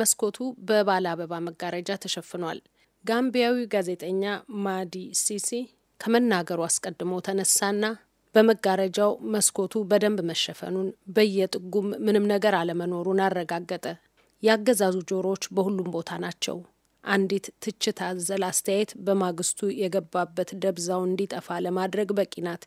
መስኮቱ በባለ አበባ መጋረጃ ተሸፍኗል። ጋምቢያዊ ጋዜጠኛ ማዲ ሲሲ ከመናገሩ አስቀድሞ ተነሳና በመጋረጃው መስኮቱ በደንብ መሸፈኑን በየጥጉም ምንም ነገር አለመኖሩን አረጋገጠ። የአገዛዙ ጆሮዎች በሁሉም ቦታ ናቸው። አንዲት ትችት አዘል አስተያየት በማግስቱ የገባበት ደብዛው እንዲጠፋ ለማድረግ በቂ ናት።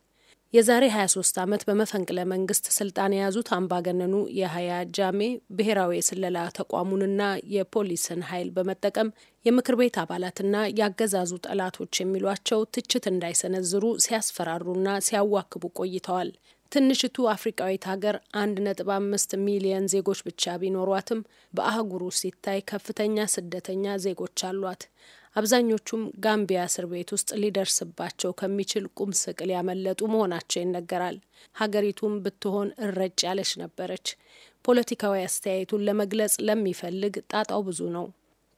የዛሬ 23 ዓመት በመፈንቅለ መንግስት ስልጣን የያዙት አምባገነኑ የሀያ ጃሜ ብሔራዊ የስለላ ተቋሙንና የፖሊስን ኃይል በመጠቀም የምክር ቤት አባላትና ያገዛዙ ጠላቶች የሚሏቸው ትችት እንዳይሰነዝሩ ሲያስፈራሩና ሲያዋክቡ ቆይተዋል። ትንሽቱ አፍሪቃዊት ሀገር አንድ ነጥብ አምስት ሚሊየን ዜጎች ብቻ ቢኖሯትም በአህጉሩ ሲታይ ከፍተኛ ስደተኛ ዜጎች አሏት። አብዛኞቹም ጋምቢያ እስር ቤት ውስጥ ሊደርስባቸው ከሚችል ቁም ስቅል ያመለጡ መሆናቸው ይነገራል። ሀገሪቱም ብትሆን እረጭ ያለች ነበረች። ፖለቲካዊ አስተያየቱን ለመግለጽ ለሚፈልግ ጣጣው ብዙ ነው።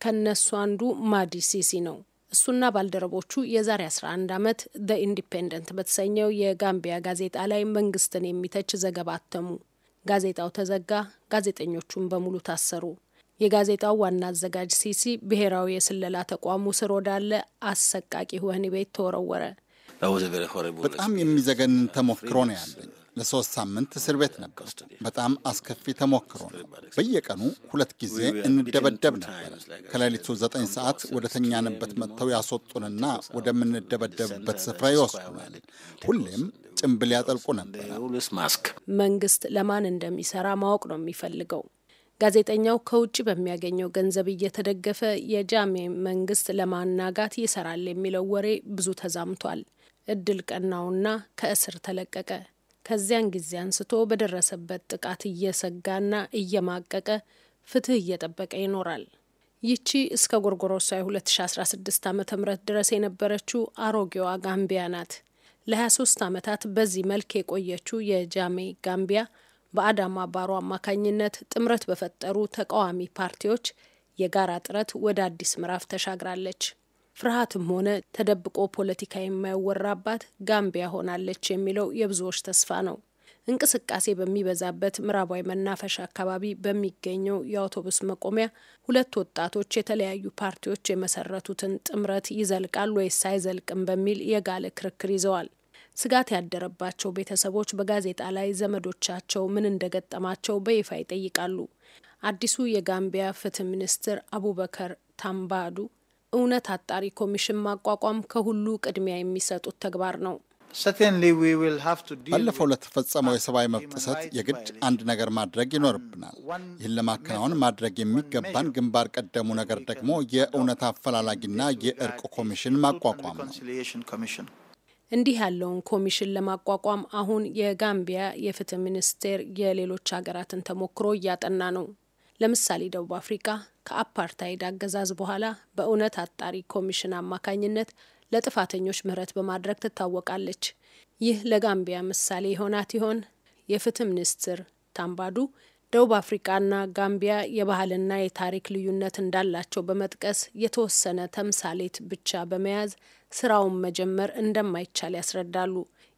ከነሱ አንዱ ማዲ ሲሲ ነው። እሱና ባልደረቦቹ የዛሬ 11 ዓመት ደ ኢንዲፔንደንት በተሰኘው የጋምቢያ ጋዜጣ ላይ መንግስትን የሚተች ዘገባ አተሙ። ጋዜጣው ተዘጋ፣ ጋዜጠኞቹም በሙሉ ታሰሩ። የጋዜጣው ዋና አዘጋጅ ሲሲ ብሔራዊ የስለላ ተቋሙ ስር ወዳለ አሰቃቂ ወህኒ ቤት ተወረወረ። በጣም የሚዘገንን ተሞክሮ ነው ያለኝ። ለሶስት ሳምንት እስር ቤት ነበር። በጣም አስከፊ ተሞክሮ ነው። በየቀኑ ሁለት ጊዜ እንደበደብ ነበር። ከሌሊቱ ዘጠኝ ሰዓት ወደ ተኛንበት መጥተው ያስወጡንና ወደምንደበደብበት ስፍራ ይወስዱናል። ሁሌም ጭንብል ያጠልቁ ነበር። መንግስት ለማን እንደሚሰራ ማወቅ ነው የሚፈልገው። ጋዜጠኛው ከውጭ በሚያገኘው ገንዘብ እየተደገፈ የጃሜ መንግስት ለማናጋት ይሰራል የሚለው ወሬ ብዙ ተዛምቷል። እድል ቀናውና ከእስር ተለቀቀ። ከዚያን ጊዜ አንስቶ በደረሰበት ጥቃት እየሰጋና እየማቀቀ ፍትህ እየጠበቀ ይኖራል። ይቺ እስከ ጎርጎሮሳዊ 2016 ዓ ም ድረስ የነበረችው አሮጌዋ ጋምቢያ ናት። ለ23 ዓመታት በዚህ መልክ የቆየችው የጃሜ ጋምቢያ በአዳማ ባሮ አማካኝነት ጥምረት በፈጠሩ ተቃዋሚ ፓርቲዎች የጋራ ጥረት ወደ አዲስ ምዕራፍ ተሻግራለች። ፍርሃትም ሆነ ተደብቆ ፖለቲካ የማይወራባት ጋምቢያ ሆናለች የሚለው የብዙዎች ተስፋ ነው። እንቅስቃሴ በሚበዛበት ምዕራባዊ መናፈሻ አካባቢ በሚገኘው የአውቶቡስ መቆሚያ ሁለት ወጣቶች የተለያዩ ፓርቲዎች የመሰረቱትን ጥምረት ይዘልቃል ወይስ አይዘልቅም በሚል የጋለ ክርክር ይዘዋል። ስጋት ያደረባቸው ቤተሰቦች በጋዜጣ ላይ ዘመዶቻቸው ምን እንደገጠማቸው በይፋ ይጠይቃሉ። አዲሱ የጋምቢያ ፍትህ ሚኒስትር አቡበከር ታምባዱ እውነት አጣሪ ኮሚሽን ማቋቋም ከሁሉ ቅድሚያ የሚሰጡት ተግባር ነው። ባለፈው ለተፈጸመው የሰብአዊ መብት ጥሰት የግድ አንድ ነገር ማድረግ ይኖርብናል። ይህን ለማከናወን ማድረግ የሚገባን ግንባር ቀደሙ ነገር ደግሞ የእውነት አፈላላጊና የእርቅ ኮሚሽን ማቋቋም ነው። እንዲህ ያለውን ኮሚሽን ለማቋቋም አሁን የጋምቢያ የፍትህ ሚኒስቴር የሌሎች ሀገራትን ተሞክሮ እያጠና ነው። ለምሳሌ ደቡብ አፍሪካ ከአፓርታይድ አገዛዝ በኋላ በእውነት አጣሪ ኮሚሽን አማካኝነት ለጥፋተኞች ምህረት በማድረግ ትታወቃለች። ይህ ለጋምቢያ ምሳሌ የሆናት ይሆን? የፍትህ ሚኒስትር ታምባዱ ደቡብ አፍሪቃና ጋምቢያ የባህልና የታሪክ ልዩነት እንዳላቸው በመጥቀስ የተወሰነ ተምሳሌት ብቻ በመያዝ ስራውን መጀመር እንደማይቻል ያስረዳሉ።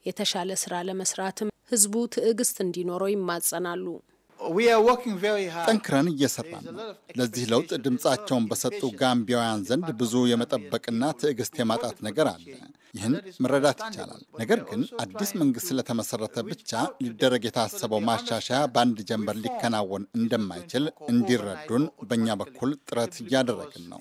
የተሻለ ስራ ለመስራትም ህዝቡ ትዕግስት እንዲኖረው ይማጸናሉ። ጠንክረን እየሰራን ነው። ለዚህ ለውጥ ድምፃቸውን በሰጡ ጋምቢያውያን ዘንድ ብዙ የመጠበቅና ትዕግስት የማጣት ነገር አለ። ይህን መረዳት ይቻላል። ነገር ግን አዲስ መንግስት ስለተመሰረተ ብቻ ሊደረግ የታሰበው ማሻሻያ በአንድ ጀንበር ሊከናወን እንደማይችል እንዲረዱን በእኛ በኩል ጥረት እያደረግን ነው።